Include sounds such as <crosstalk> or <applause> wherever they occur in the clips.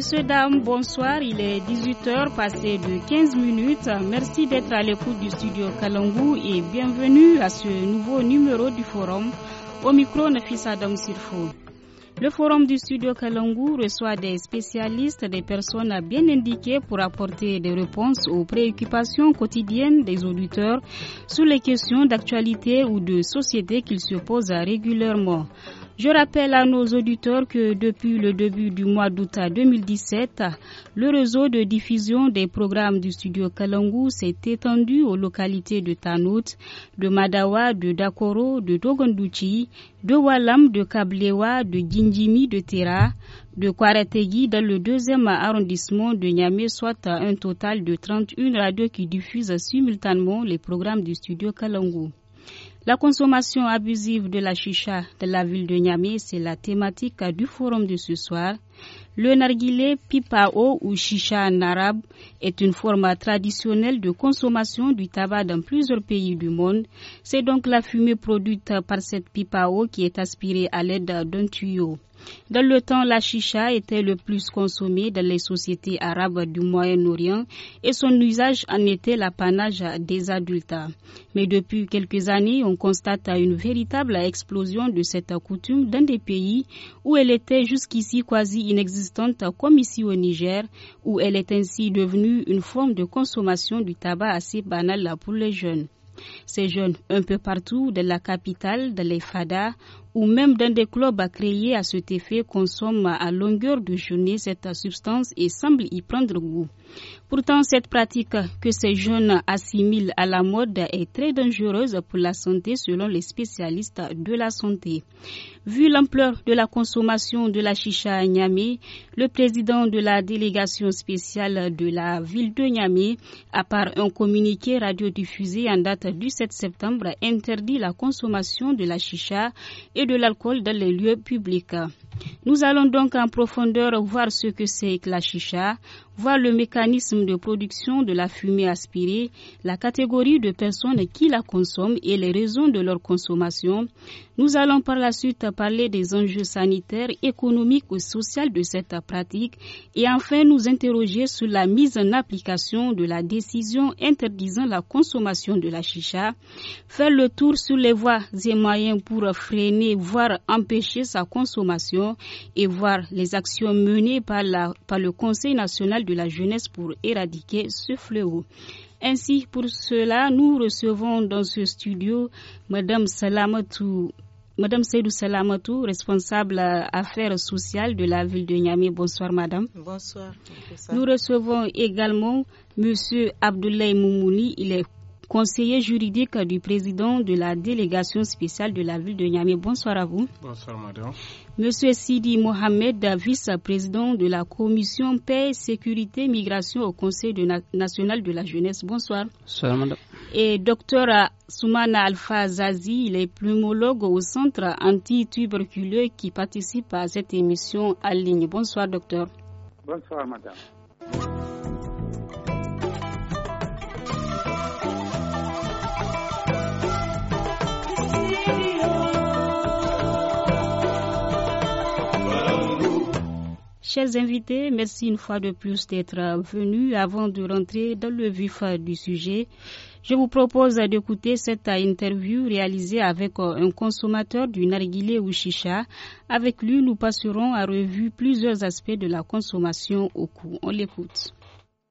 Messieurs, dames, bonsoir. Il est 18h passé de 15 minutes. Merci d'être à l'écoute du studio Kalangou et bienvenue à ce nouveau numéro du forum. Au micro, Adam Sirfo. Le forum du studio Kalangou reçoit des spécialistes, des personnes bien indiquées pour apporter des réponses aux préoccupations quotidiennes des auditeurs sur les questions d'actualité ou de société qu'ils se posent régulièrement. Je rappelle à nos auditeurs que depuis le début du mois d'août 2017, le réseau de diffusion des programmes du studio Kalangu s'est étendu aux localités de Tanout, de Madawa, de Dakoro, de Dogonduchi, de Walam, de Kablewa, de Ginjimi de Tera, de Kwarategi dans le deuxième arrondissement de Niamey, soit un total de 31 radios qui diffusent simultanément les programmes du studio Kalangu. La consommation abusive de la chicha de la ville de Niamey, c'est la thématique du forum de ce soir. Le narguilé pipao ou chicha en arabe est une forme traditionnelle de consommation du tabac dans plusieurs pays du monde. C'est donc la fumée produite par cette pipao qui est aspirée à l'aide d'un tuyau. Dans le temps, la chicha était le plus consommée dans les sociétés arabes du Moyen-Orient et son usage en était l'apanage des adultes. Mais depuis quelques années, on constate une véritable explosion de cette coutume dans des pays où elle était jusqu'ici quasi inexistante, comme ici au Niger, où elle est ainsi devenue une forme de consommation du tabac assez banale pour les jeunes. Ces jeunes, un peu partout, de la capitale, de' les fadas, ou même dans des clubs créés à cet effet consomment à longueur de journée cette substance et semblent y prendre goût. Pourtant, cette pratique que ces jeunes assimilent à la mode est très dangereuse pour la santé selon les spécialistes de la santé. Vu l'ampleur de la consommation de la chicha à Niamey, le président de la délégation spéciale de la ville de Niamey, à part un communiqué radiodiffusé en date du 7 septembre, interdit la consommation de la chicha et de l'alcool dans les lieux publics. Nous allons donc en profondeur voir ce que c'est que la chicha, voir le mécanisme de production de la fumée aspirée, la catégorie de personnes qui la consomment et les raisons de leur consommation. Nous allons par la suite parler des enjeux sanitaires, économiques ou sociaux de cette pratique et enfin nous interroger sur la mise en application de la décision interdisant la consommation de la chicha, faire le tour sur les voies et moyens pour freiner, voire empêcher sa consommation et voir les actions menées par, le Conseil national de la jeunesse pour éradiquer ce fléau. Ainsi, pour cela, nous recevons dans ce studio Madame Salamatou Madame Seydou Salamatou, responsable affaires sociales de la ville de Niamey. Bonsoir, madame. Bonsoir. Nous recevons également Monsieur Abdoulaye Moumouni. Il est conseiller juridique du président de la délégation spéciale de la ville de Niamey. Bonsoir à vous. Bonsoir, madame. Monsieur Sidi Mohamed, vice-président de la commission paix, sécurité, migration au Conseil national de la jeunesse. Bonsoir. Bonsoir, madame. Et docteur Soumana Al-Fazazi, il est pneumologue au centre anti-tuberculeux qui participe à cette émission en ligne. Bonsoir, docteur. Bonsoir, madame. Chers invités, merci une fois de plus d'être venus. Avant de rentrer dans le vif du sujet, je vous propose d'écouter cette interview réalisée avec euh, un consommateur du narguilé ou chicha. Avec lui, nous passerons à revue plusieurs aspects de la consommation au cou. On l'écoute.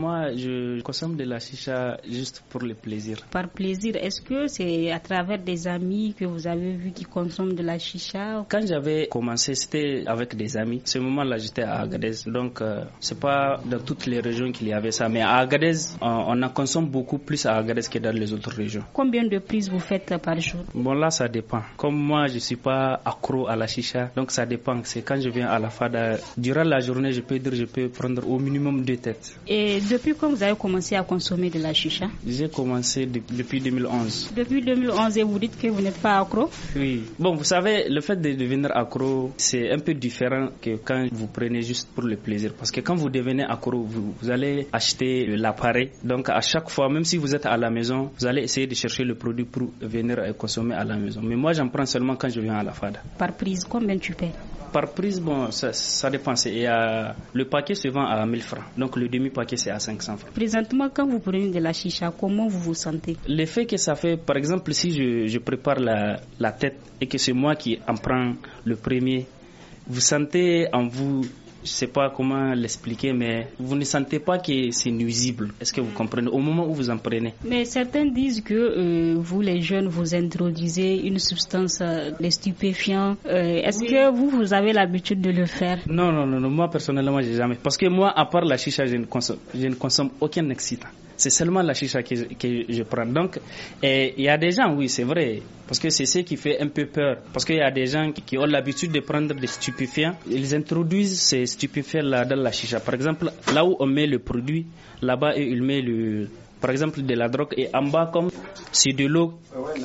Moi, je consomme de la chicha juste pour le plaisir. Par plaisir, est-ce que c'est à travers des amis que vous avez vu qui consomment de la chicha Quand j'avais commencé, c'était avec des amis. Ce moment-là, j'étais à Agadez. Donc, euh, c'est pas dans toutes les régions qu'il y avait ça. Mais à Agadez, on, en consomme beaucoup plus à Agadez que dans les autres régions. Combien de prises vous faites par jour Bon, là, ça dépend. Comme moi, je suis pas accro à la chicha. Donc, ça dépend. C'est quand je viens à la fada. Durant la journée, je peux dire, je peux prendre au minimum deux têtes. Et depuis quand vous avez commencé à consommer de la chicha J'ai commencé depuis 2011. Depuis 2011 et vous dites que vous n'êtes pas accro Oui. Bon, vous savez, le fait de devenir accro, c'est un peu différent que quand vous prenez juste pour le plaisir. Parce que quand vous devenez accro, vous, allez acheter l'appareil. Donc à chaque fois, même si vous êtes à la maison, vous allez essayer de chercher le produit pour venir consommer à la maison. Mais moi, j'en prends seulement quand je viens à la FADA. Par prise, combien tu paies par prise, bon, ça, ça dépend. Et, le paquet se vend à 1000 francs. Donc le demi-paquet, c'est à 500 francs. Présentement, quand vous prenez de la chicha, comment vous vous sentez L'effet que ça fait, par exemple, si je, prépare la, la tête et que c'est moi qui en prends le premier, vous sentez en vous je sais pas comment l'expliquer, mais vous ne sentez pas que c'est nuisible. Est-ce que vous comprenez au moment où vous en prenez Mais certains disent que euh, vous, les jeunes, vous introduisez une substance, euh, stupéfiante. Euh, est-ce que vous, vous avez l'habitude de le faire non, non, non, Moi, personnellement, n'ai jamais. Parce que moi, à part la chicha, je ne consomme aucun excitant. C'est seulement la chicha que je, prends. Donc, et il y a des gens, oui, c'est vrai, parce que c'est ce qui fait un peu peur. Parce qu'il y a des gens qui, ont l'habitude de prendre des stupéfiants. Ils introduisent ces stupéfiants-là dans la chicha. Par exemple, là où on met le produit, là-bas, ils met le par exemple de la drogue et en bas comme c'est de l'eau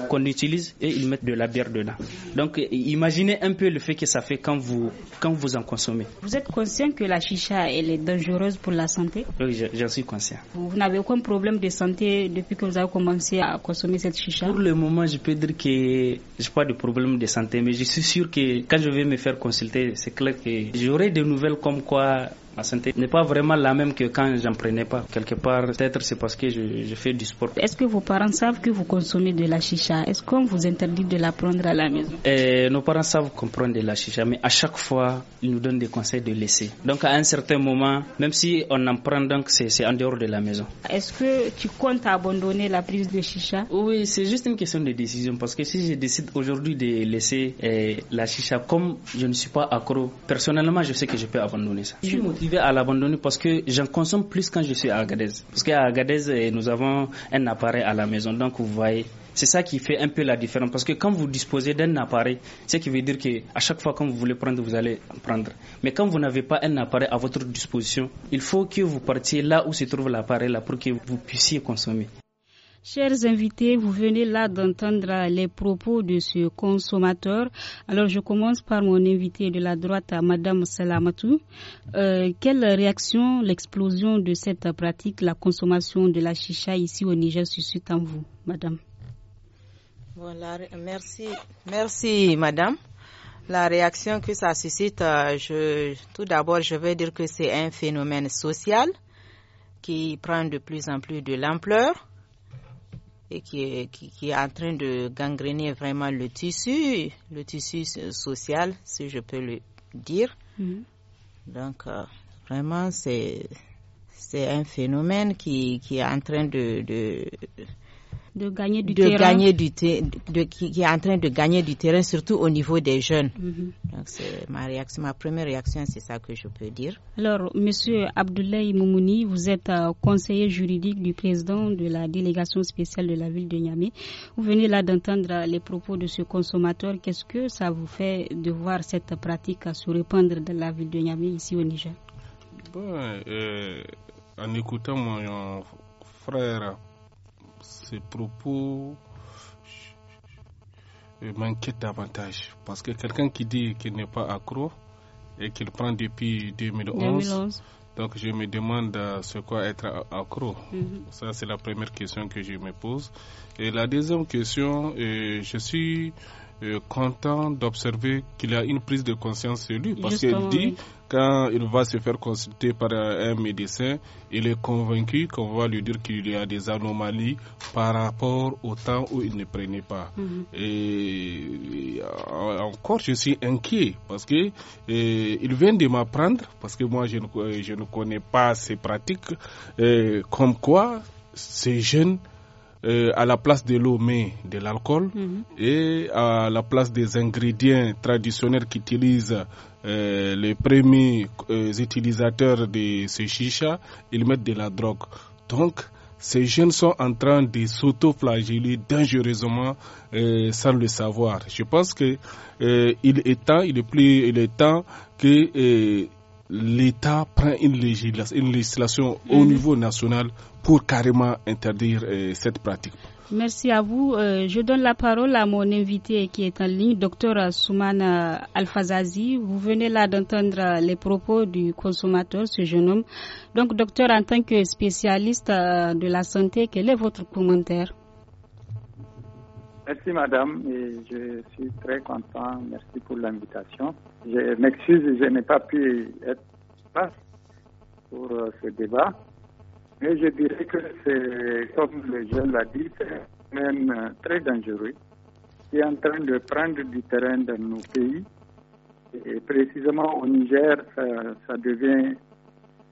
qu'on utilise et ils mettent de la bière dedans. Donc imaginez un peu le fait que ça fait quand vous quand vous en consommez. Vous êtes conscient que la chicha elle est dangereuse pour la santé Oui, j'en suis conscient. Vous n'avez aucun problème de santé depuis que vous avez commencé à consommer cette chicha Pour le moment, je peux dire que j'ai pas de problème de santé, mais je suis sûr que quand je vais me faire consulter, c'est clair que j'aurai des nouvelles comme quoi ma santé n'est pas vraiment la même que quand j'en prenais pas. Quelque part, peut-être c'est parce que je, fais du sport. Est-ce que vos parents savent que vous consommez de la chicha Est-ce qu'on vous interdit de la prendre à la maison eh, Nos parents savent qu'on prend de la chicha, mais à chaque fois, ils nous donnent des conseils de laisser. Donc à un certain moment, même si on en prend, donc c'est en dehors de la maison. Est-ce que tu comptes abandonner la prise de chicha Oui, c'est juste une question de décision parce que si je décide aujourd'hui de laisser eh, la chicha, comme je ne suis pas accro, personnellement, je sais que je peux abandonner ça à l'abandonner parce que j'en consomme plus quand je suis à Agadez. Parce qu'à Agadez, eh, nous avons un appareil à la maison, donc vous voyez. C'est ça qui fait un peu la différence. Parce que quand vous disposez d'un appareil, ce qui veut dire qu'à chaque fois quand vous voulez prendre, vous allez prendre. Mais quand vous n'avez pas un appareil à votre disposition, il faut que vous partiez là où se trouve l'appareil là pour que vous puissiez consommer. Chers invités, vous venez là d'entendre les propos de ce consommateur. Alors je commence par mon invité de la droite, Madame Salamatou. Euh, quelle réaction l'explosion de cette pratique, la consommation de la chicha ici au Niger suscite en vous, Madame merci, merci, Madame. La réaction que ça suscite, euh, je, tout d'abord, je veux dire que c'est un phénomène social qui prend de plus en plus de l'ampleur et qui est, qui, est en train de gangréner vraiment le tissu, le tissu social, si je peux le dire. Mhm. Donc, euh, vraiment, c'est, c'est un phénomène qui, qui, est en train de, de gagner du terrain, de, qui, est en train de gagner du terrain, surtout au niveau des jeunes. Mhm. Donc c'est ma ma première réaction, c'est ça que je peux dire. Alors, Monsieur Abdoulaye Moumouni, vous êtes euh, conseiller juridique du président de la délégation spéciale de la ville de Niamey. Vous venez là d'entendre les propos de ce consommateur. Qu'est-ce que ça vous fait de voir cette pratique se répandre dans la ville de Niamey ici au Niger? Euh, en écoutant mon frère ces propos euh, m'inquiètent davantage. Parce que quelqu'un qui dit qu'il n'est pas accro et qu'il prend depuis 2011, donc je me demande euh, ce quoi être accro. Mm-hmm. Ça, c'est la première question que je me pose. Et la deuxième question, euh, je suis content d'observer qu'il a une prise de conscience sur lui parce qu'il dit quand il va se faire consulter par euh, un médecin, il est convaincu qu'on va lui dire qu'il y a des anomalies par rapport au temps où il ne prenait pas. Mhm. Et encore, je suis inquiet parce que euh, il vient de m'apprendre, parce que moi je ne, euh, je ne, connais pas ces pratiques, comme quoi ces jeunes à la place de l'eau mais de l'alcool mhm. et à la place des ingrédients traditionnels qu'utilisent euh, les premiers euh, utilisateurs de ce chicha, ils mettent de la drogue. Donc, ces jeunes sont en train de s'auto-flageller dangereusement euh, sans le savoir. Je pense que il est temps, il est plus, il est temps que l'État prenne une législation, au mm. niveau national pour carrément interdire cette pratique. Merci à vous. Euh, je donne la parole à mon invité qui est en ligne, docteur Souman euh, Alfazazi. Vous venez là d'entendre euh, les propos du consommateur, ce jeune homme. Donc, docteur, en tant que spécialiste de la santé, quel est votre commentaire Merci madame, je suis très content, merci pour l'invitation. Je m'excuse, je n'ai pas pu être là pour ce débat. Mais je dirais que c'est, comme les jeunes l'a dit, c'est même euh, très dangereux, qui est en train de prendre du terrain dans nos pays. Et précisément au Niger, ça devient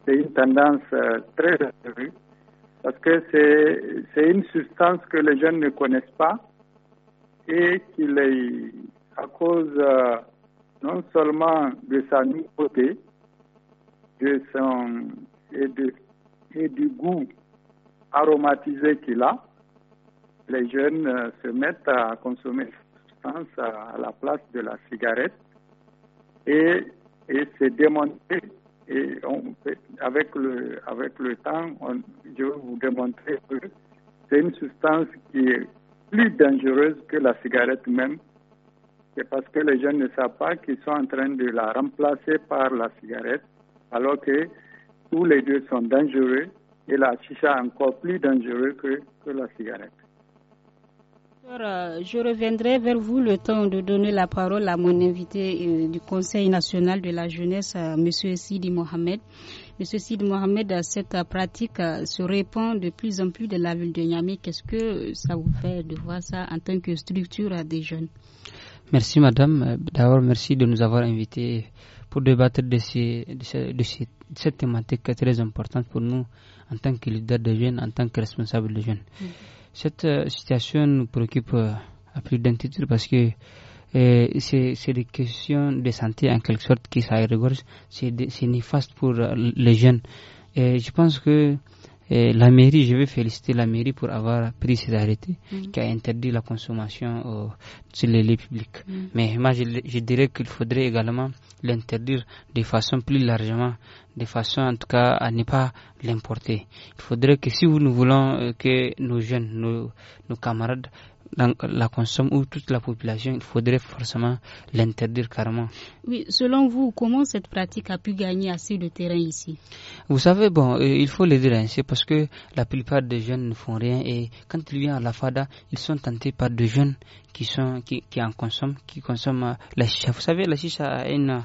une tendance euh, très dangereuse parce que c'est une substance que les jeunes ne connaissent pas et qu'il est à cause euh, non seulement de sa nouveauté, de son et de et du goût aromatisé qu'il a, les jeunes euh, se mettent à consommer cette substance à la place de la cigarette et, et c'est démontré. Et avec, le, avec le temps, je vais vous démontrer que c'est une substance qui est plus dangereuse que la cigarette même. C'est parce que les jeunes ne savent pas qu'ils sont en train de la remplacer par la cigarette, alors que tous les deux sont dangereux et la chicha encore plus dangereux que, la cigarette. Euh, je reviendrai vers vous le temps de donner la parole à mon invité euh, du Conseil national de la jeunesse, euh, M. Sidi Mohamed. M. Sidi Mohamed, cette pratique se répand de plus en plus de la ville de Niamey. Qu'est-ce que ça vous fait de voir ça en tant que structure des jeunes Merci, madame. D'abord, merci de nous avoir invités pour débattre de, ces, de, cette thématique très importante pour nous en tant que leader de jeunes, en tant que responsable de jeunes. Mm. Cette euh, situation nous préoccupe euh, à plus d'un titre parce que euh, c'est des questions de santé en quelque sorte qui s'aggravent. c'est néfaste pour les jeunes. Et je pense que la mairie, je veux féliciter la mairie pour avoir pris cette arrêté mm. qui a interdit la consommation euh, sur les lieux publics. Mm. Mais moi, je, dirais qu'il faudrait également l'interdire de façon plus largement, de façon en tout cas à ne pas l'importer. Il faudrait que si nous voulons euh, que nos jeunes, nos camarades la consomme ou toute la population, il faudrait forcément l'interdire carrément. Oui, selon vous, comment cette pratique a pu gagner assez de terrain ici Vous savez, bon, euh, il faut le dire ainsi parce que la plupart des jeunes ne font rien et quand ils viennent à la FADA, ils sont tentés par des jeunes qui, sont, qui, en consomment, qui consomment euh, la chicha. Vous savez, la chicha a une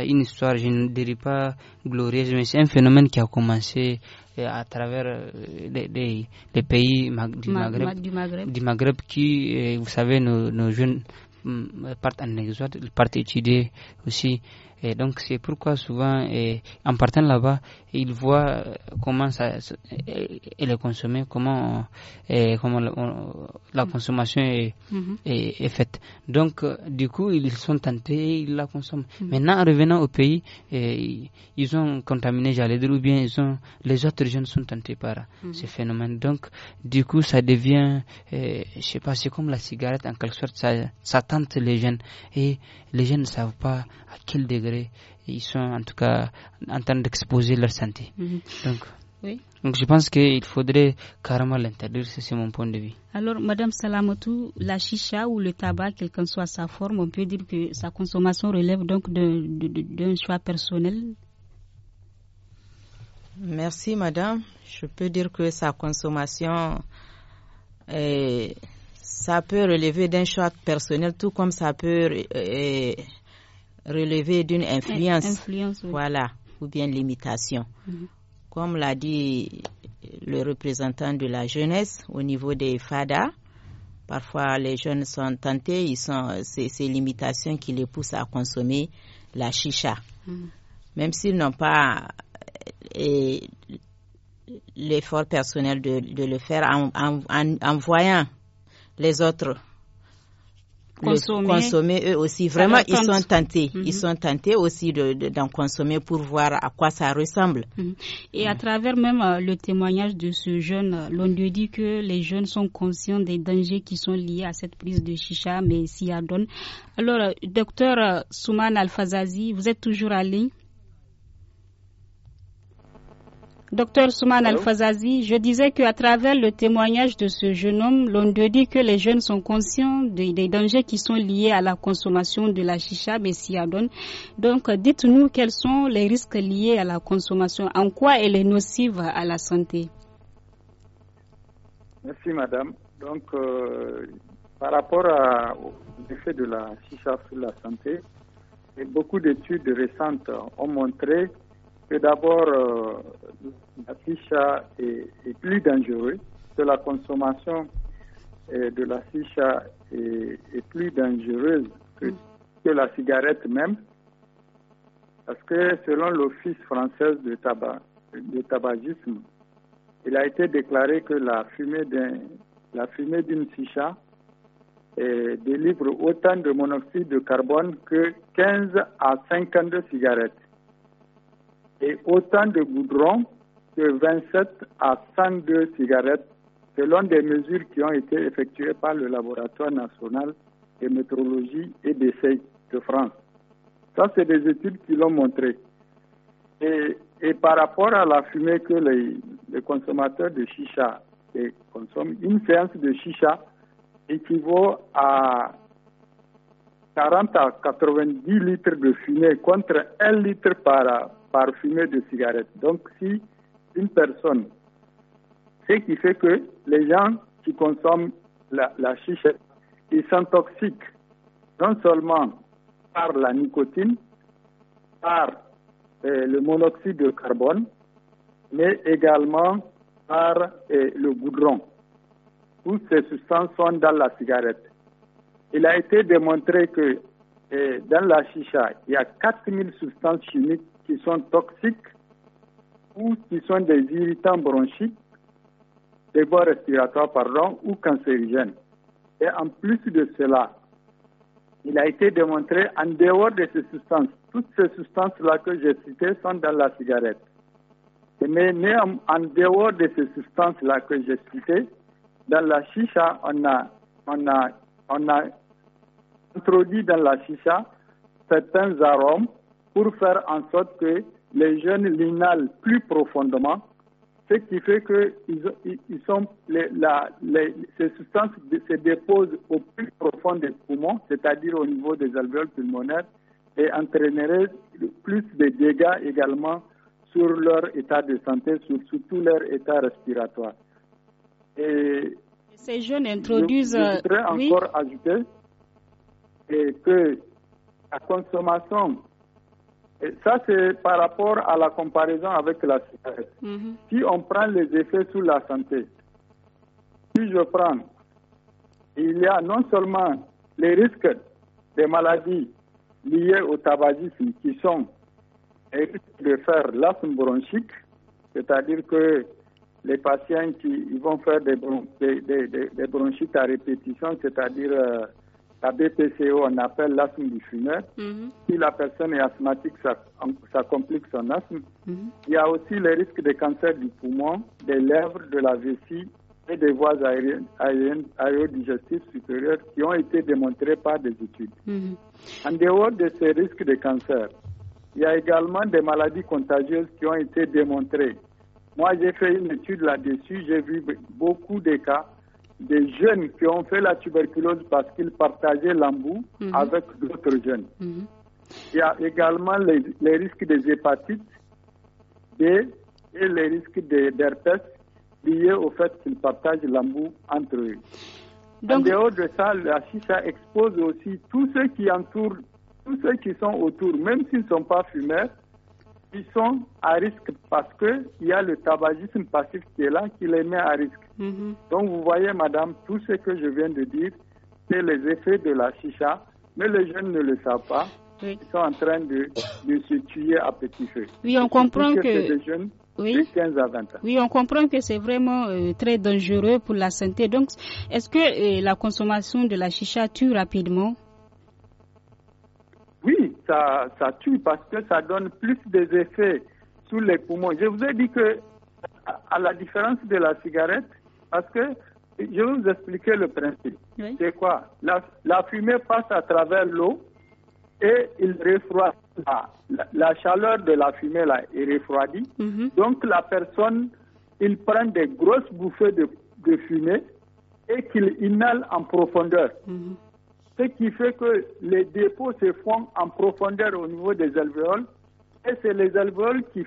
une histoire, je ne dirais pas glorieuse, mais c'est un phénomène qui a commencé à travers les, euh, pays du, Maghreb, du, Maghreb, qui, euh, vous savez, nos, jeunes mm, partent en exode, partent étudier aussi. Et donc c'est pourquoi souvent, et en partant là-bas, ils voient euh, comment ça, elle euh, est consommée, comment, euh, comment la mm. consommation mm-hmm. est, faite. Donc, du coup, ils sont tentés, ils la consomment. Mm. Maintenant, en revenant au pays, ils ont contaminé, j'allais dire, ou bien les autres jeunes sont tentés par mm. ce phénomène. Donc, du coup, ça devient, je je sais pas, c'est comme la cigarette, en quelque sorte, ça, ça tente les jeunes. Et les jeunes ne savent pas à quel degré ils sont en tout cas en train d'exposer leur santé. Mhm. Donc, Donc je pense qu'il faudrait carrément l'interdire, c'est mon point de vue. Alors, Madame Salamotou, la chicha ou le tabac, quelle qu'en soit sa forme, on peut dire que sa consommation relève donc d'un choix personnel Merci, Madame. Je peux dire que sa consommation, eh, ça peut relever d'un choix personnel, tout comme ça peut eh, relevé d'une influence, voilà, ou bien limitation. Mhm. Comme l'a dit le représentant de la jeunesse au niveau des FADA, parfois les jeunes sont tentés, ils sont, c'est ces limitations qui les poussent à consommer la chicha. Mhm. Même s'ils n'ont pas l'effort personnel de, le faire en voyant les autres consommer. eux aussi. Vraiment, ils sont tentés. Ils mhm. sont tentés aussi d'en consommer pour voir à quoi ça ressemble. Mhm. Et à travers même euh, le témoignage de ce jeune, euh, l'on lui dit que les jeunes sont conscients des dangers qui sont liés à cette prise de chicha, mais s'y adonnent. Alors, euh, docteur Souman fazazi vous êtes toujours à ligne Docteur Souman Al-Fazazi, je disais qu'à travers le témoignage de ce jeune homme, l'on dit que les jeunes sont conscients des dangers qui sont liés à la consommation de la chicha messiadone. Donc, dites-nous quels sont les risques liés à la consommation, en quoi elle est nocive à la santé. Merci, madame. Donc, euh, par rapport à l'effet de la chicha sur la santé, beaucoup d'études récentes ont montré que d'abord, euh, la ficha est, plus dangereuse, que la consommation euh, de la ficha est, plus dangereuse que, la cigarette même, parce que selon l'Office français de, tabac, de tabagisme, il a été déclaré que la fumée d'une ficha euh, délivre autant de monoxyde de carbone que 15 à 52 cigarettes et autant de goudrons que 27 à 102 cigarettes selon des mesures qui ont été effectuées par le Laboratoire national de métrologie et d'essai de France. Ça, c'est des études qui l'ont montré. Et, par rapport à la fumée que les, consommateurs de chicha consomment, une séance de chicha équivaut à 40 à 90 litres de fumée contre 1 litre par, par de cigarettes. Donc si une personne, ce qui fait que les gens qui consomment la, chicha, ils toxiques non seulement par la nicotine, par euh, le monoxyde de carbone, mais également par euh, le goudron. Toutes ces substances sont dans la cigarette. Il a été démontré que euh, dans la chicha, il y a 4000 substances chimiques qui sont toxiques ou qui sont des irritants bronchiques, des voies respiratoires, pardon, ou cancérigènes. Et en plus de cela, il a été démontré en dehors de ces substances. Toutes ces substances-là que j'ai citées sont dans la cigarette. Mais en dehors de ces substances-là que j'ai citées, dans la chicha, on a, on a, on a introduit dans la chicha certains arômes pour faire en sorte que les jeunes l'inhalent plus profondément, ce qui fait que ils, sont, ces substances se déposent au plus profond des poumons, c'est-à-dire au niveau des alvéoles pulmonaires, et entraîneraient plus de dégâts également sur leur état de santé, sur, tout leur état respiratoire. Et ces jeunes introduisent. Je, voudrais euh, encore ajouter que la consommation ça, c'est par rapport à la comparaison avec la cigarette. Mhm. Si on prend les effets sur la santé, si je prends, il y a non seulement les risques des maladies liées au tabagisme qui sont les risques de faire l'asthme bronchique, c'est-à-dire que les patients qui vont faire des, des, bronchites à répétition, c'est-à-dire euh, la BPCO, on appelle l'asthme du fumeur. Mhm. Si la personne est asthmatique, ça, complique son asthme. Mhm. Il y a aussi les risques de cancer du poumon, des lèvres, de la vessie et des voies aériennes, aérodigestives supérieures qui ont été démontrées par des études. Mhm. En dehors de ces risques de cancer, il y a également des maladies contagieuses qui ont été démontrées. Moi, j'ai fait une étude là-dessus, j'ai vu beaucoup de cas des jeunes qui ont fait la tuberculose parce qu'ils partageaient l'embout mhm. avec d'autres jeunes. Mhm. Il y a également les, risques des hépatites et, et les risques d'herpès liés au fait qu'ils partagent l'embout entre eux. Donc... En dehors de ça, la chicha expose aussi tous ceux qui entourent, tous ceux qui sont autour, même s'ils ne sont pas fumeurs, ils sont à risque parce qu'il y a le tabagisme passif qui est là, qui les met à risque. Mhm. Donc vous voyez, madame, tout ce que je viens de dire, c'est les effets de la chicha, mais les jeunes ne le savent pas. Ils sont en train de, se tuer à petit feu. Oui, on comprend que... oui. on comprend que c'est vraiment euh, très dangereux pour la santé. Donc, est-ce que euh, la consommation de la chicha tue rapidement oui, ça, ça tue parce que ça donne plus des effets sur les poumons. Je vous ai dit que, à la différence de la cigarette, parce que je vais vous expliquer le principe. C'est quoi la, la, fumée passe à travers l'eau et il refroidit. La, la, chaleur de la fumée, là, est refroidie. Mhm. Donc, la personne, il prend des grosses bouffées de, de fumée et qu'il inhale en profondeur. Mhm ce qui fait que les dépôts se font en profondeur au niveau des alvéoles et c'est les alvéoles qui,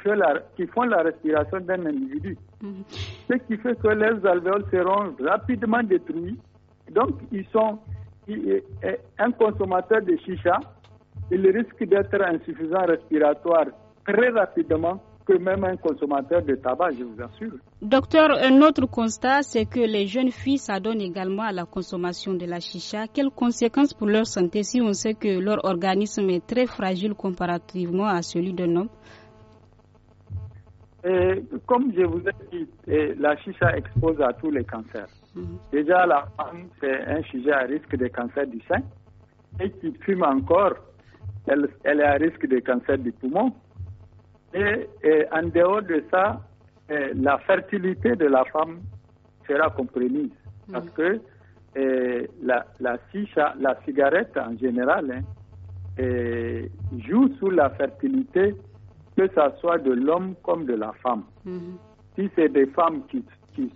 qui, font la respiration d'un individu. Mhm. Ce qui fait que les alvéoles seront rapidement détruits. Donc, ils sont un consommateur de chicha, il risque d'être insuffisant respiratoire très rapidement même un consommateur de tabac, je vous assure. Docteur, un autre constat, c'est que les jeunes filles s'adonnent également à la consommation de la chicha. Quelles conséquences pour leur santé si on sait que leur organisme est très fragile comparativement à celui d'un homme comme je vous ai dit, la chicha expose à tous les cancers. Mhm. Déjà, la femme, c'est un sujet à risque de cancer du sein. Et qui fume encore, elle, elle est à risque de cancer du poumon. Et, en dehors de ça, eh, la fertilité de la femme sera compromise. Hmm. Parce que eh, la, la, la cigarette en général, hein, eh, joue sur la fertilité, que ce soit de l'homme comme de la femme. Hmm. Si c'est des femmes qui,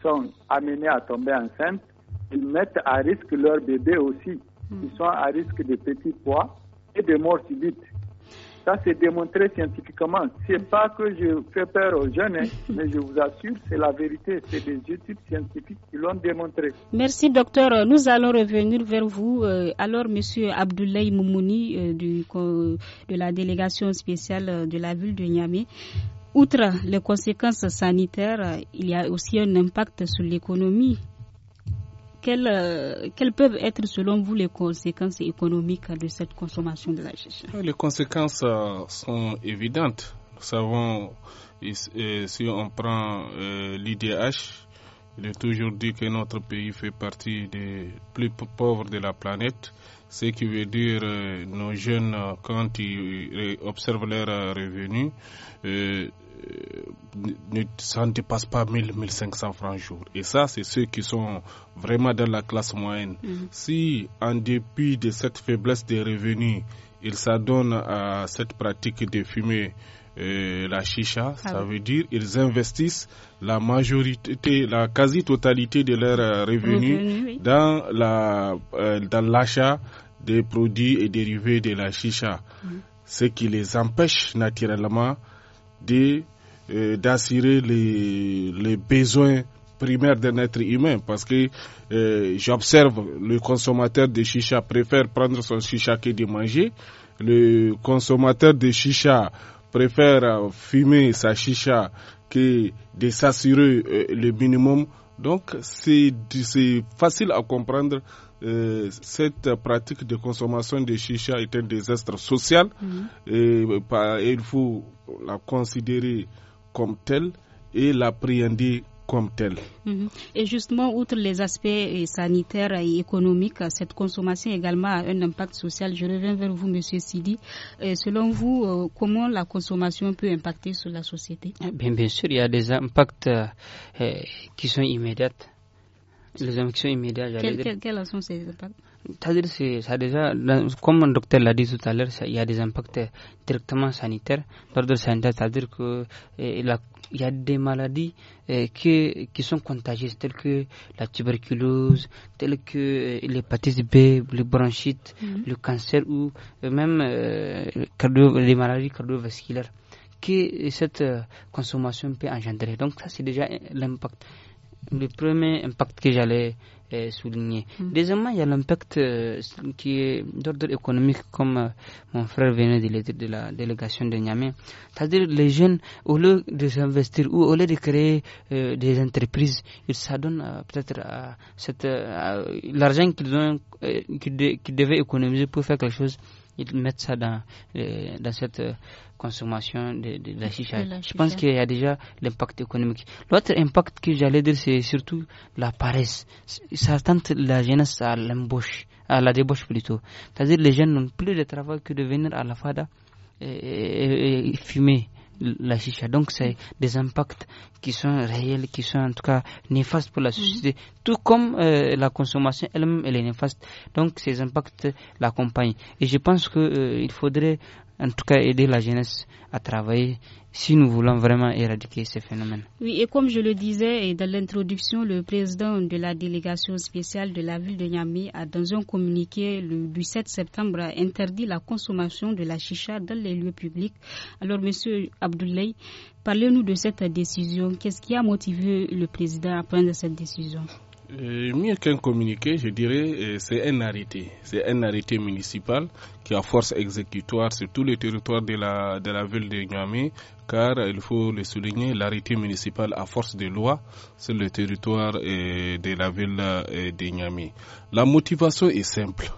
sont amenées à tomber enceintes, ils mettent à risque leur bébé aussi. Hmm. Ils sont à risque de petits poids et de mort subite. Ça, c'est démontré scientifiquement. C'est pas que je fais peur aux jeunes, hein, <laughs> mais je vous assure, c'est la vérité. C'est des études scientifiques qui l'ont démontré. Merci, docteur. Nous allons revenir vers vous. Euh, alors, monsieur Abdoulaye Moumouni euh, de la délégation spéciale euh, de la ville de Niamey. Outre les conséquences sanitaires, il y a aussi un impact sur l'économie. Euh, quelles, peuvent être selon vous les conséquences économiques de cette consommation de la chicha Les conséquences euh, sont évidentes. Nous savons, si on prend euh, l'IDH, il est toujours dit que notre pays fait partie des plus pauvres de la planète, ce qui veut dire que nos jeunes, quand ils observent leurs revenus, ne, ça ne dépasse pas 1000, 1500 francs jour. Et ça, c'est ceux qui sont vraiment dans la classe moyenne. Mhm. Si, en dépit de cette faiblesse des revenus, ils s'adonnent à cette pratique de fumer euh, la chicha, ah ça veut dire ils investissent la majorité, la quasi-totalité de leurs euh, revenus dans la euh, dans l'achat des produits et dérivés de la chicha, mhm. ce qui les empêche naturellement de d'assurer les, les besoins primaires d'un être humain parce que euh, j'observe le consommateur de chicha préfère prendre son chicha que de manger. Le consommateur de chicha préfère fumer sa chicha que de s'assurer euh, le minimum. Donc c'est facile à comprendre. Euh, cette pratique de consommation de chicha est un désastre social mm-hmm. et, euh, il faut la considérer comme tel et l'appréhender comme tel mhm. Et justement, outre les aspects euh, sanitaires et économiques, cette consommation également a un impact social. Je reviens vers vous, Monsieur Sidi. Euh, selon vous, euh, comment la consommation peut impacter sur la société eh bien, sûr, il y a des impacts qui sont immédiats. Les immédiats, Quels sont ces impacts dire comme mon docteur l'a dit tout à l'heure, il y a des impacts directement sanitaires, sanitaire, c'est-à-dire que il y a des maladies eh, qui, sont contagieuses, telles que la tuberculose, telles que eh, l'hépatite B, le bronchite, mhm. le cancer ou euh, même euh, les maladies cardiovasculaires que cette euh, consommation peut engendrer. Donc ça, c'est déjà l'impact le premier impact que j'allais euh, souligner. Mm. Deuxièmement, il y a l'impact euh, qui est d'ordre économique, comme euh, mon frère venait de le de la délégation de Niamey. C'est-à-dire les jeunes, au lieu de s'investir ou au lieu de créer des entreprises, ils s'adonnent peut-être à, l'argent qu'ils devaient économiser pour faire quelque chose ils mettent ça dans, euh, dans cette euh, consommation de, la chicha. Je pense qu'il y a déjà l'impact économique. L'autre impact que j'allais dire, c'est surtout la paresse. Ça tente la jeunesse à l'embauche, à la débauche plutôt. C'est-à-dire les jeunes n'ont plus de travail que de venir à la fada et fumer la chicha. Donc c'est des impacts qui sont réels, qui sont en tout cas néfastes pour la mhm. société, tout comme euh, la consommation elle-même elle est néfaste. Donc ces impacts l'accompagnent. Et je pense qu'il euh, faudrait en tout cas aider la jeunesse à travailler si nous voulons vraiment éradiquer ce phénomène. Oui, et comme je le disais dans l'introduction, le président de la délégation spéciale de la ville de Niamey a, dans un communiqué le, du 7 septembre, interdit la consommation de la chicha dans les lieux publics. Alors, monsieur Abdoulaye, parlez-nous de cette décision. Qu'est-ce qui a motivé le président à prendre cette décision? Euh, mieux qu'un communiqué, je dirais, euh, c'est un arrêté. C'est un arrêté municipal qui a force exécutoire sur tous les territoire de la, de la ville de Niamey, car il faut le souligner, l'arrêté municipal a force de loi sur le territoire euh, de la ville de Niamey. La motivation est simple.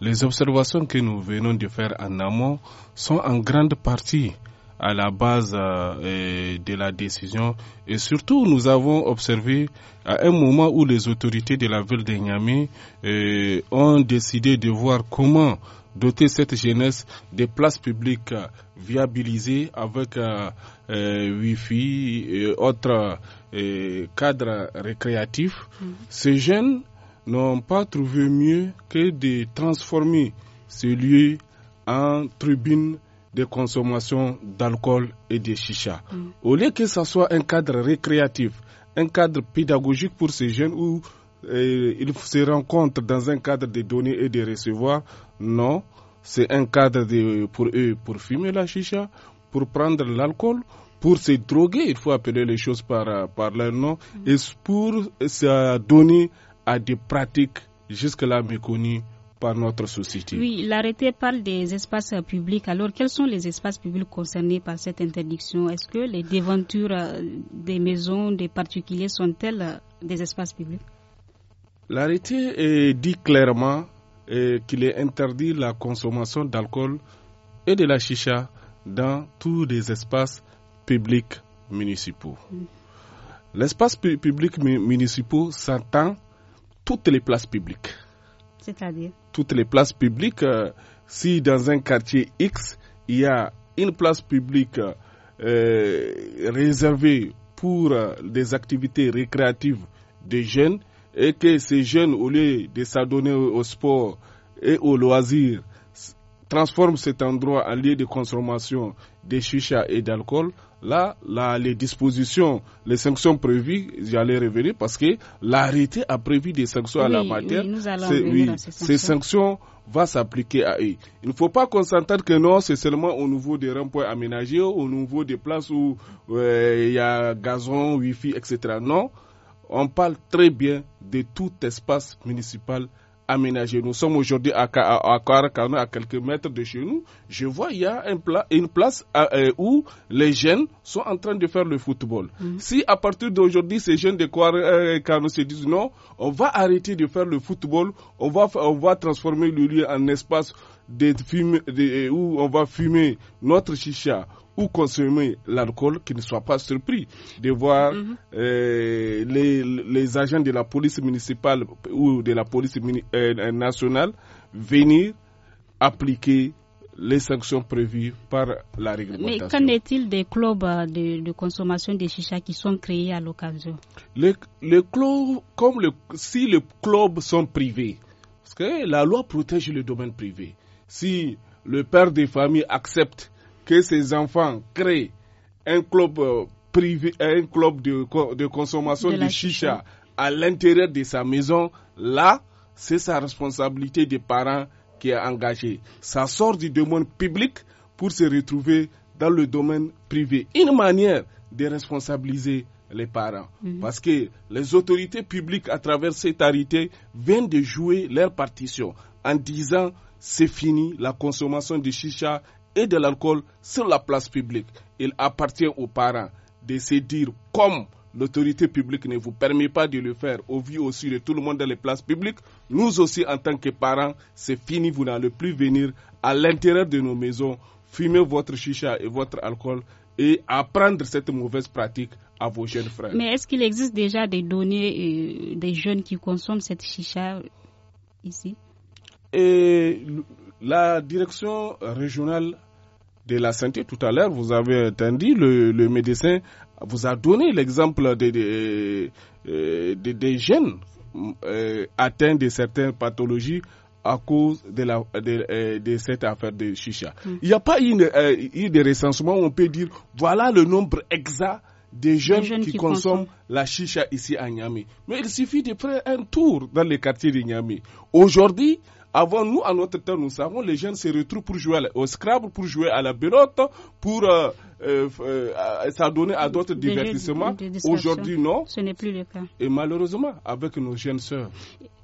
Les observations que nous venons de faire en amont sont en grande partie à la base euh, de la décision. Et surtout, nous avons observé à un moment où les autorités de la ville de Niamey euh, ont décidé de voir comment doter cette jeunesse des places publiques viabilisées avec euh, euh Wi-Fi et autres cadres récréatifs. Mm-hmm. Ces jeunes n'ont pas trouvé mieux que de transformer ce lieu en tribune de consommation d'alcool et de chicha. Mm. Au lieu que ce soit un cadre récréatif, un cadre pédagogique pour ces jeunes où eh, ils se rencontrent dans un cadre de donner et de recevoir, non, c'est un cadre de, pour eux pour fumer la chicha, pour prendre l'alcool, pour se droguer, il faut appeler les choses par, leur nom, mm. et pour se donner à des pratiques jusque-là méconnues notre société. Oui, l'arrêté parle des espaces publics. Alors, quels sont les espaces publics concernés par cette interdiction Est-ce que les déventures euh, des maisons des particuliers sont-elles euh, des espaces publics L'arrêté dit clairement euh, qu'il est interdit la consommation d'alcool et de la chicha dans tous les espaces publics municipaux. Mm. L'espace public municipal s'entend toutes les places publiques. C'est-à-dire Toutes les places publiques, euh, si dans un quartier X, il y a une place publique euh, réservée pour les euh, des activités récréatives des jeunes, et que ces jeunes, au lieu de s'adonner au sport et aux loisirs, transforme cet endroit en lieu de consommation de chicha et d'alcool, là, là, les dispositions, les sanctions prévues, j'allais revenir parce que l'arrêté a prévu des sanctions à la matière. Oui, ces, sanctions. sanctions vont s'appliquer à eux. Il ne faut pas qu'on que non, c'est seulement au niveau des rempoints aménagés, au niveau des places où euh, il y a gazon, wifi, etc. Non, on parle très bien de tout espace municipal aménagé. Nous sommes aujourd'hui à, à, à quelques mètres de chez nous. Je vois, il y a une place euh, euh, où les jeunes sont en train de faire le football. Mm. Si à partir d'aujourd'hui, ces jeunes de Quaracano euh, se disent non, on va arrêter de faire le football, on va, transformer le lieu en espace où on va fumer notre chicha ou consommer l'alcool, qu'ils ne soient pas surpris de voir mhm. euh, les, agents de la police municipale ou de la police euh, nationale venir appliquer les sanctions prévues par la réglementation. Mais qu'en est-il des clubs euh, de, consommation de chicha qui sont créés à l'occasion les, clubs, comme si les clubs sont privés, parce que la loi protège le domaine privé. Si le père des familles accepte que ses enfants créent un club euh, privé, euh, un club de, de consommation de, chicha, à l'intérieur de sa maison, là, c'est sa responsabilité des parents qui est engagée. Ça sort du domaine public pour se retrouver dans le domaine privé. Une manière de responsabiliser les parents. Mhm. Parce que les autorités publiques, à travers cette arité viennent de jouer leur partition en disant c'est fini, la consommation de chicha et de l'alcool sur la place publique. Il appartient aux parents de se dire comme l'autorité publique ne vous permet pas de le faire au vu aussi de tout le monde dans les places publiques, nous aussi en tant que parents, c'est fini, vous n'allez plus venir à l'intérieur de nos maisons, fumer votre chicha et votre alcool et apprendre cette mauvaise pratique à vos jeunes frères. Mais est-ce qu'il existe déjà des données euh, des jeunes qui consomment cette chicha ici la direction régionale de la santé, tout à l'heure, vous avez entendu, le, médecin vous a donné l'exemple des, des, euh, jeunes euh, atteints de certaines pathologies à cause de, la, de, euh, cette affaire de chicha. Mm. Il n'y a pas eu de recensement où on peut dire voilà le nombre exact des jeunes, qui, consomment, la chicha ici à Niamey. Mais il suffit de faire un tour dans les quartiers de Niamey. Aujourd'hui, avant, nous, à notre temps, nous savons, les jeunes se retrouvent pour jouer au Scrabble, pour jouer à la belote, pour euh, euh, euh s'adonner à d'autres divertissements. Aujourd'hui, non. Ce n'est plus le cas. Et malheureusement, avec nos jeunes sœurs.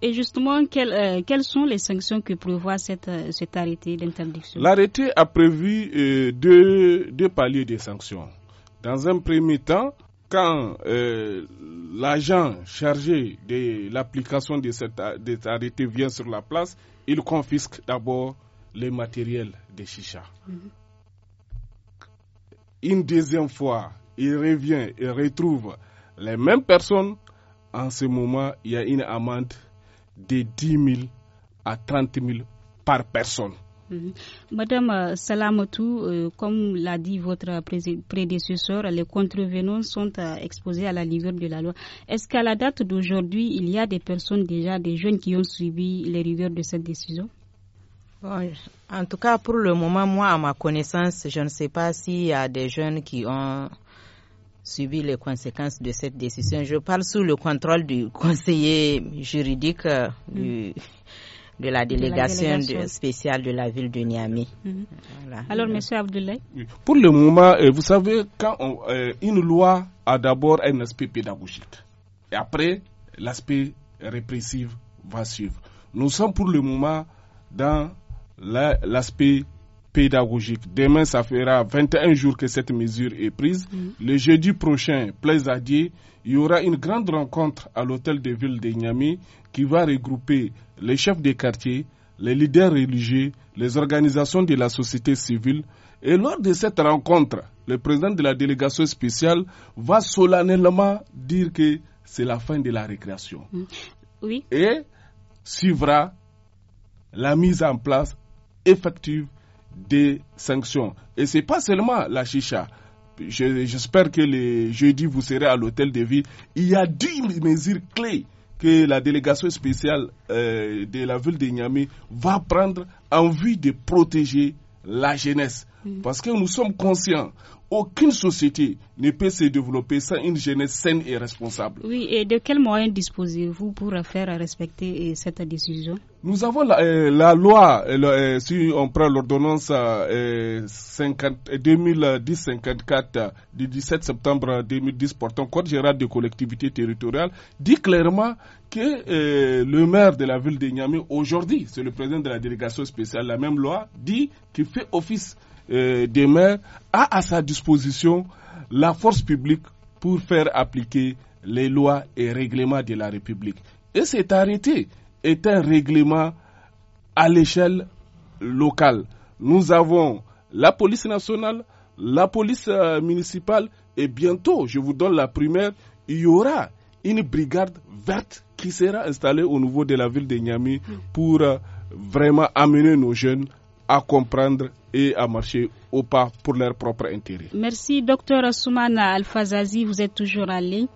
Et justement, euh, quelles, sont les sanctions que prévoit cette, cet arrêté d'interdiction L'arrêté a prévu deux, deux paliers de sanctions. Dans un premier temps, quand euh, l'agent chargé de l'application de cet, arrêté vient sur la place, il confisque d'abord les matériels de chicha. Mhm. Une deuxième fois, il revient et retrouve les mêmes personnes. En ce moment, il y a une amende de 10 000 à 30 000 par personne. Mhm. Madame euh, Salamotou, euh, comme l'a dit votre prédécesseur, les contrevenants sont euh, exposés à la rigueur de la loi. Est-ce qu'à la date d'aujourd'hui, il y a des personnes déjà, des jeunes qui ont subi les rigueurs de cette décision En tout cas, pour le moment, moi, à ma connaissance, je ne sais pas s'il y a des jeunes qui ont subi les conséquences de cette décision. Je parle sous le contrôle du conseiller juridique du mm de la délégation, spéciale de la ville de Niamey. Mhm. Alors, Monsieur Abdoulaye Pour le moment, euh, vous savez, quand euh, une loi a d'abord un aspect pédagogique. Et après, l'aspect répressif va suivre. Nous sommes pour le moment dans l'aspect pédagogique. Demain, ça fera 21 jours que cette mesure est prise. Mm. Le jeudi prochain, plaisadier, il y aura une grande rencontre à l'hôtel de ville de Niamey qui va regrouper les chefs des quartiers, les leaders religieux, les organisations de la société civile. Et lors de cette rencontre, le président de la délégation spéciale va solennellement dire que c'est la fin de la récréation. Mm. Oui. Et suivra la mise en place effective des sanctions. Et ce n'est pas seulement la chicha. J'espère que le jeudi, vous serez à l'hôtel de ville. Il y a 10 mesures clés que la délégation spéciale euh, de la ville de Niamey va prendre en vue de protéger la jeunesse. Parce que nous sommes conscients aucune société ne peut se développer sans une jeunesse saine et responsable. Oui, et de quels moyens disposez-vous pour faire respecter euh, cette décision Nous avons la, euh, loi, euh, si on prend l'ordonnance 2010-54 du 17 septembre 2010 portant Code général des collectivités territoriales, dit clairement que le maire de la ville de Niamey aujourd'hui, c'est le président de la délégation spéciale, la même loi, dit qu'il fait office des euh, demain a à sa disposition la force publique pour faire appliquer les lois et règlements de la République. Et cet arrêté est un règlement à l'échelle locale. Nous avons la police nationale, la police euh, municipale et bientôt, je vous donne la primaire, il y aura une brigade verte qui sera installée au niveau de la ville de Niamey pour euh, vraiment amener nos jeunes à comprendre et à marcher au pas pour leur propre intérêt. Merci, docteur Soumana Alfazazi. Vous êtes toujours allé.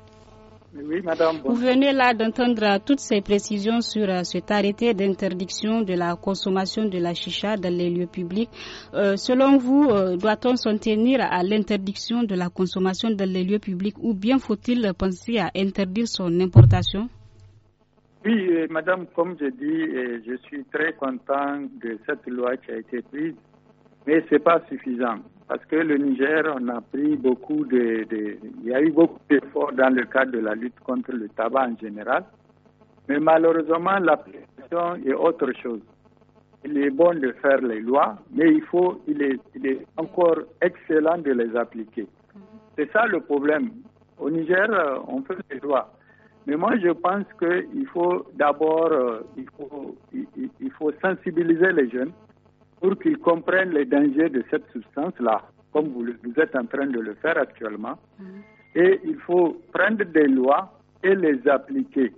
Oui, madame. Vous venez là d'entendre toutes ces précisions sur euh, cet arrêté d'interdiction de la consommation de la chicha dans les lieux publics. Euh, selon vous, euh, doit-on s'en tenir à l'interdiction de la consommation dans les lieux publics ou bien faut-il penser à interdire son importation? Oui, euh, madame, comme je dis, euh, je suis très content de cette loi qui a été prise, mais ce n'est pas suffisant. Parce que le Niger, on a pris beaucoup de. il y a eu beaucoup d'efforts dans le cadre de la lutte contre le tabac en général. Mais malheureusement, l'application est autre chose. Il est bon de faire les lois, mais il faut, il est, il est encore excellent de les appliquer. C'est ça le problème. Au Niger, euh, on fait des lois. Mais moi, je pense qu'il faut d'abord euh, il faut, il, faut sensibiliser les jeunes pour qu'ils comprennent les dangers de cette substance-là, comme vous, êtes en train de le faire actuellement. Mm. Et il faut prendre des lois et les appliquer.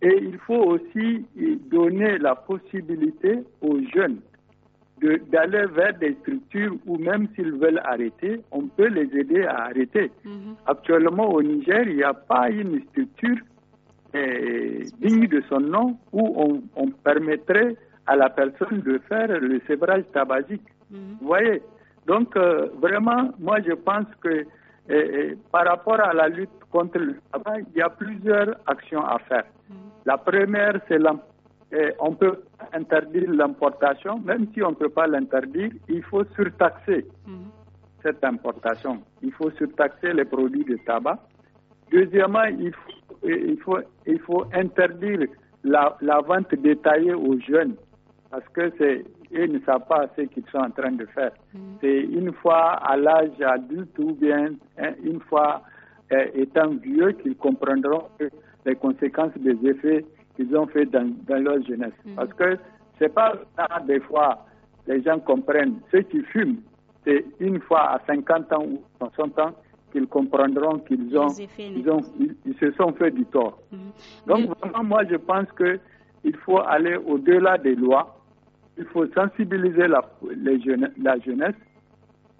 Et il faut aussi euh, donner la possibilité aux jeunes d'aller vers des structures où même s'ils veulent arrêter, on peut les aider à arrêter. Mm-hmm. Actuellement au Niger, il n'y a pas une structure euh, digne de son nom où on, on, permettrait à la personne de faire le sévrage tabagique. Mhm. Vous voyez Donc, euh, vraiment, moi, je pense que euh, par rapport à la lutte contre le tabac, il y a plusieurs actions à faire. Mhm. La première, c'est l'on on peut interdire l'importation, même si on ne peut pas l'interdire, il faut surtaxer mhm. cette importation. Il faut surtaxer les produits de tabac. Deuxièmement, il faut il faut, il faut interdire la, vente détaillée aux jeunes parce que ne savent pas ce qu'ils sont en train de faire. Mm. C'est une fois à l'âge adulte ou bien hein, une fois euh, étant vieux qu'ils comprendront les conséquences des effets qu'ils ont fait dans, dans leur jeunesse. Mm. Parce que c'est pas là, des fois, les gens comprennent. Ceux qui fument, c'est une fois à 50 ans ou 60 ans, qu'ils comprendront qu'ils ont, ils, ont ils, se sont fait du tort. Mhm. Donc vraiment, moi, je pense que il faut aller au-delà des lois. Il faut sensibiliser la, les la jeunesse.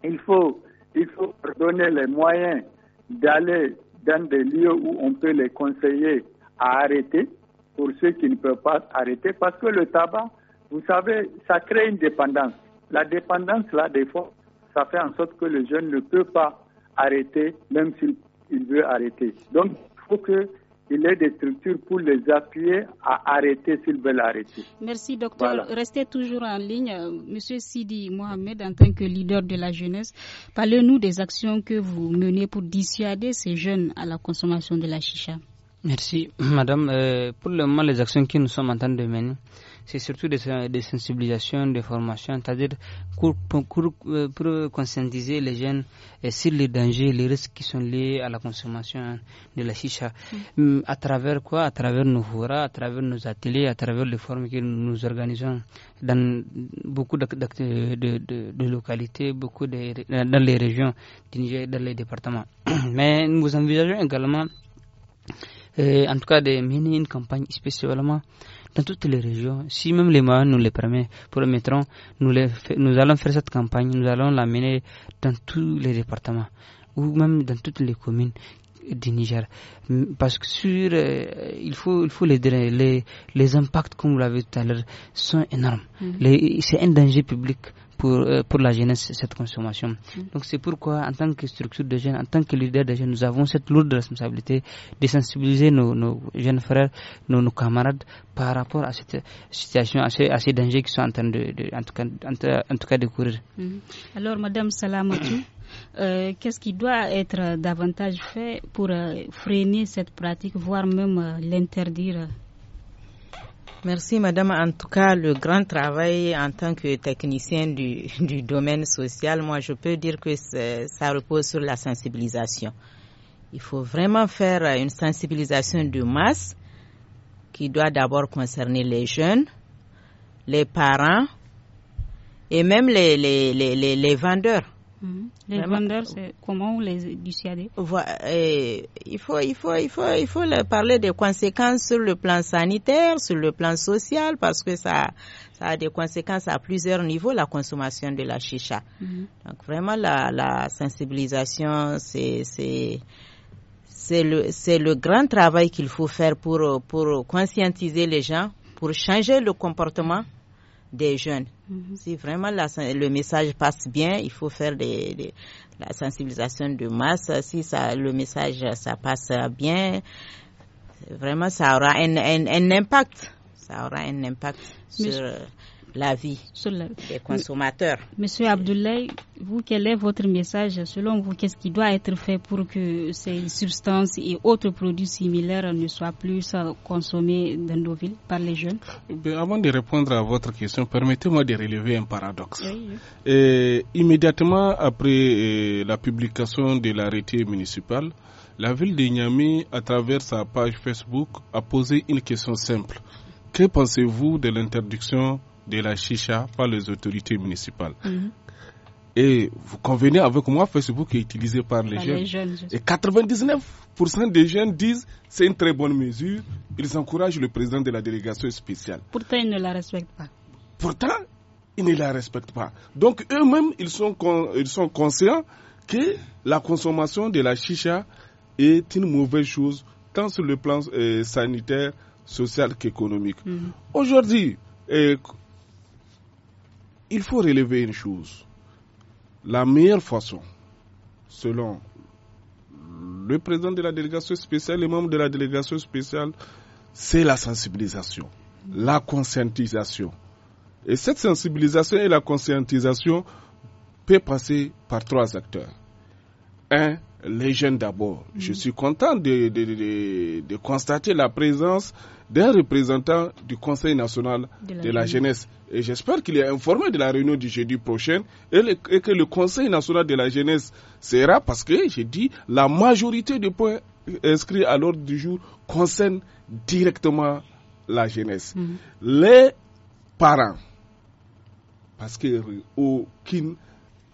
Il faut, il faut donner les moyens d'aller dans des lieux où on peut les conseiller à arrêter pour ceux qui ne peuvent pas arrêter. Parce que le tabac, vous savez, ça crée une dépendance. La dépendance, là, des fois, ça fait en sorte que le jeune ne peut pas arrêter, même s'il veut arrêter. Donc, il faut que il y des structures pour les appuyer à arrêter s'ils veulent arrêter. Merci, docteur. Restez toujours en ligne. Monsieur Sidi Mohamed, en tant que leader de la jeunesse, parlez-nous des actions que vous menez pour dissuader ces jeunes à la consommation de la chicha. Merci, madame. Euh, pour le moment, les actions que nous sommes en train de mener, c'est surtout des, sensibilisations, des formations, c'est-à-dire pour, euh, conscientiser les jeunes euh, sur les dangers, les risques qui sont liés à la consommation de la chicha. Mm. Mm, à travers quoi À travers nos forats, à travers nos ateliers, à travers les formes que nous organisons dans beaucoup de, localités, beaucoup dans les régions dans les départements. <coughs> Mais nous envisageons également euh, en tout cas de mener une campagne spécialement dans toutes les régions. Si même les moyens nous les permettront, le nous, allons faire cette campagne, nous allons la mener dans tous les départements ou même dans toutes les communes du Niger. Parce que sur, euh, il faut, il faut les dire, les, impacts, comme vous l'avez dit tout à l'heure, sont énormes. Mm-hmm. C'est un danger public pour, euh, pour la jeunesse cette consommation. Mm. Donc c'est pourquoi en tant que structure de jeunes, en tant que leader de jeunes, nous avons cette lourde responsabilité de sensibiliser nos, nos jeunes frères, nos, nos, camarades par rapport à cette situation, à ces, dangers qui sont en train de, en, tout cas, en, courir. Mm-hmm. Alors Madame Salamatou, <coughs> euh, qu'est-ce qui doit être davantage fait pour euh, freiner cette pratique, voire même l'interdire Merci Madame. En tout cas, le grand travail en tant que technicien du, domaine social, moi je peux dire que ça repose sur la sensibilisation. Il faut vraiment faire une sensibilisation de masse qui doit d'abord concerner les jeunes, les parents et même les vendeurs Mm-hmm. Les vendeurs, c'est comment les dissuader eh, il, faut, il, faut, il, faut, il faut parler des conséquences sur le plan sanitaire, sur le plan social, parce que ça, ça a des conséquences à plusieurs niveaux, la consommation de la chicha. Mm-hmm. Donc vraiment, la, sensibilisation, c'est c'est le, le, grand travail qu'il faut faire pour, pour conscientiser les gens, pour changer le comportement des jeunes. Mhm. Si vraiment le message passe bien, il faut faire la sensibilisation de masse. Si le message ça passe bien, vraiment ça aura un, impact. Ça aura un impact sur la vie des consommateurs. Monsieur Abdoulaye, vous, quel est votre message Selon vous, qu'est-ce qui doit être fait pour que ces substances et autres produits similaires ne soient plus euh, consommés dans nos villes par les jeunes eh Avant de répondre à votre question, permettez-moi de relever un paradoxe. Eh, immédiatement après eh, la publication de l'arrêté municipal, la ville de Niamey, à travers sa page Facebook, a posé une question simple. Que pensez-vous de l'interdiction de la chicha par les autorités municipales. Mhm. Et vous convenez avec moi, Facebook est utilisé par les, jeunes. Et 99% des jeunes disent c'est une très bonne mesure. Ils encouragent le président de la délégation spéciale. Pourtant, ils ne la respectent pas. Pourtant, ils ne la respectent pas. Donc eux-mêmes, ils sont, ils sont conscients que la consommation de la chicha est une mauvaise chose, tant sur le plan euh, sanitaire, social qu'économique. Mhm. Aujourd'hui, euh, il faut relever une chose. La meilleure façon, selon le président de la délégation spéciale, les membres de la délégation spéciale, c'est la sensibilisation, la conscientisation. Et cette sensibilisation et la conscientisation peut passer par trois acteurs. Un, les jeunes d'abord. Je mm. suis content de, constater la présence d'un représentant du Conseil national de la, jeunesse. Et j'espère qu'il est informé de la réunion du jeudi prochain et, que le Conseil national de la jeunesse sera parce que, j'ai dit, la majorité des points inscrits à l'ordre du jour concernent directement la jeunesse. Mm-hmm. Les parents, parce qu'aucune aucune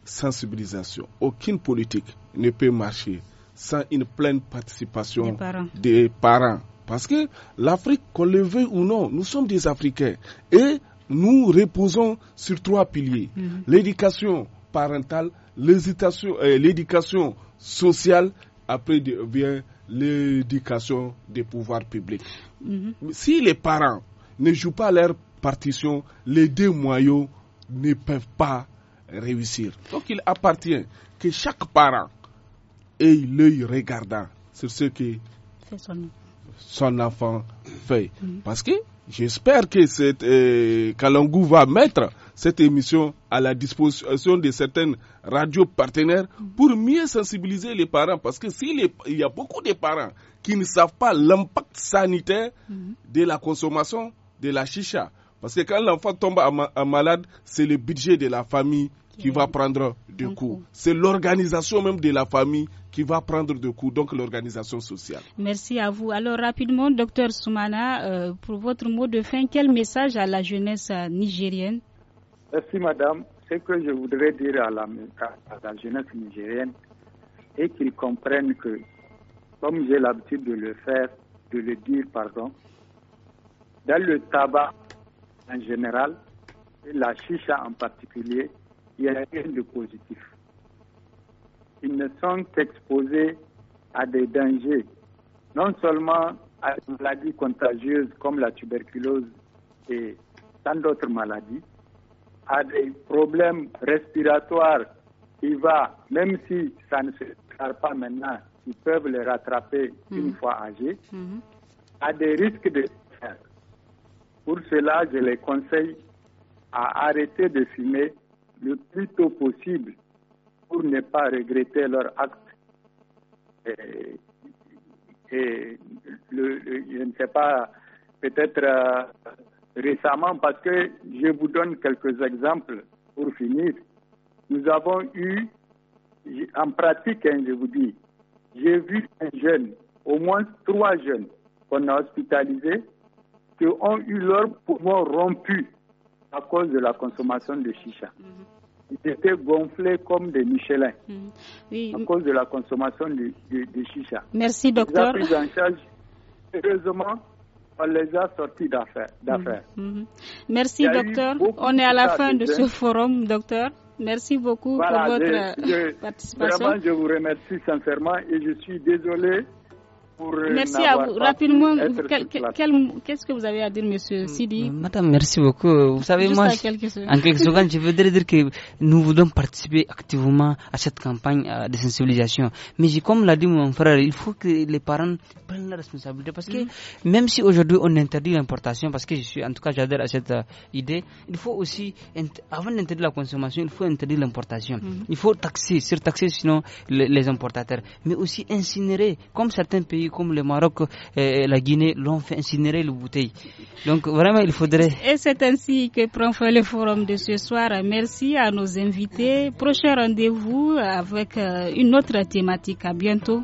sensibilisation, aucune politique ne peut marcher sans une pleine participation Des parents parce que l'Afrique, qu'on le veuille ou non, nous sommes des Africains. Et nous reposons sur trois piliers. Mm-hmm. L'éducation parentale, euh, l'éducation sociale, après vient l'éducation des pouvoirs publics. Mm-hmm. Si les parents ne jouent pas leur partition, les deux moyens ne peuvent pas réussir. Donc il appartient que chaque parent ait l'œil regardant sur ce qui son enfant fait. Mm. Parce que j'espère que euh, Kalangou va mettre cette émission à la disposition de certaines radios partenaires mm. pour mieux sensibiliser les parents. Parce que s'il y a beaucoup de parents qui ne savent pas l'impact sanitaire mm. de la consommation de la chicha. Parce que quand l'enfant tombe malade, c'est le budget de la famille qui va prendre du coups. C'est l'organisation même de la famille qui va prendre de coups, donc l'organisation sociale. Merci à vous. Alors rapidement, docteur Soumana, euh, pour votre mot de fin, quel message à la jeunesse nigérienne Merci madame. Ce que je voudrais dire à la, jeunesse nigérienne est qu'ils comprennent que, comme j'ai l'habitude de le faire, de le dire, pardon, dans le tabac en général, et la chicha en particulier, il n'y a rien de positif. Ils ne sont exposés à des dangers, non seulement à des maladies contagieuses comme la tuberculose et tant d'autres maladies, à des problèmes respiratoires qui va, même si ça ne se déclare pas maintenant, ils peuvent les rattraper hmm. une fois âgés, hmm. à des risques de Pour cela, je les conseille à arrêter de fumer le plus tôt possible pour ne pas regretter leur acte. Et, je ne sais pas, peut-être euh, récemment, parce que je vous donne quelques exemples pour finir. Nous avons eu, en pratique, hein, je vous dis, j'ai vu un jeune, au moins trois jeunes qu'on a hospitalisés, qui ont eu leur poumon rompu à cause de la consommation de chicha. Mhm. Ils étaient gonflés comme des Michelin mhm. à cause de la consommation de, chicha. Merci, docteur. Ils en charge, heureusement, on les a sortis d'affaires. Mhm. Merci, docteur. On est à la fin de ce forum, docteur. Merci beaucoup pour votre participation. Vraiment, je vous remercie sincèrement et je suis désolé euh, merci à vous. Rapidement, qu'est-ce que vous avez à dire, monsieur Sidi Madame, merci beaucoup. Vous savez, moi, en quelques secondes, je voudrais dire que nous voulons participer activement à cette campagne de sensibilisation. Mais comme l'a dit mon frère, il faut que les parents prennent la responsabilité. Parce que mm. même si aujourd'hui on interdit l'importation, parce que je suis, en tout cas, j'adhère à cette euh, idée, il faut aussi, avant d'interdire la consommation, il faut interdire l'importation. Mm. Il faut taxer, surtaxer sinon les, les importateurs, mais aussi incinérer, comme certains pays comme le Maroc et la Guinée l'ont fait incinérer les bouteille. Donc vraiment, il faudrait. Et c'est ainsi que prend fin le forum de ce soir. Merci à nos invités. Prochain rendez-vous avec euh, une autre thématique. À bientôt.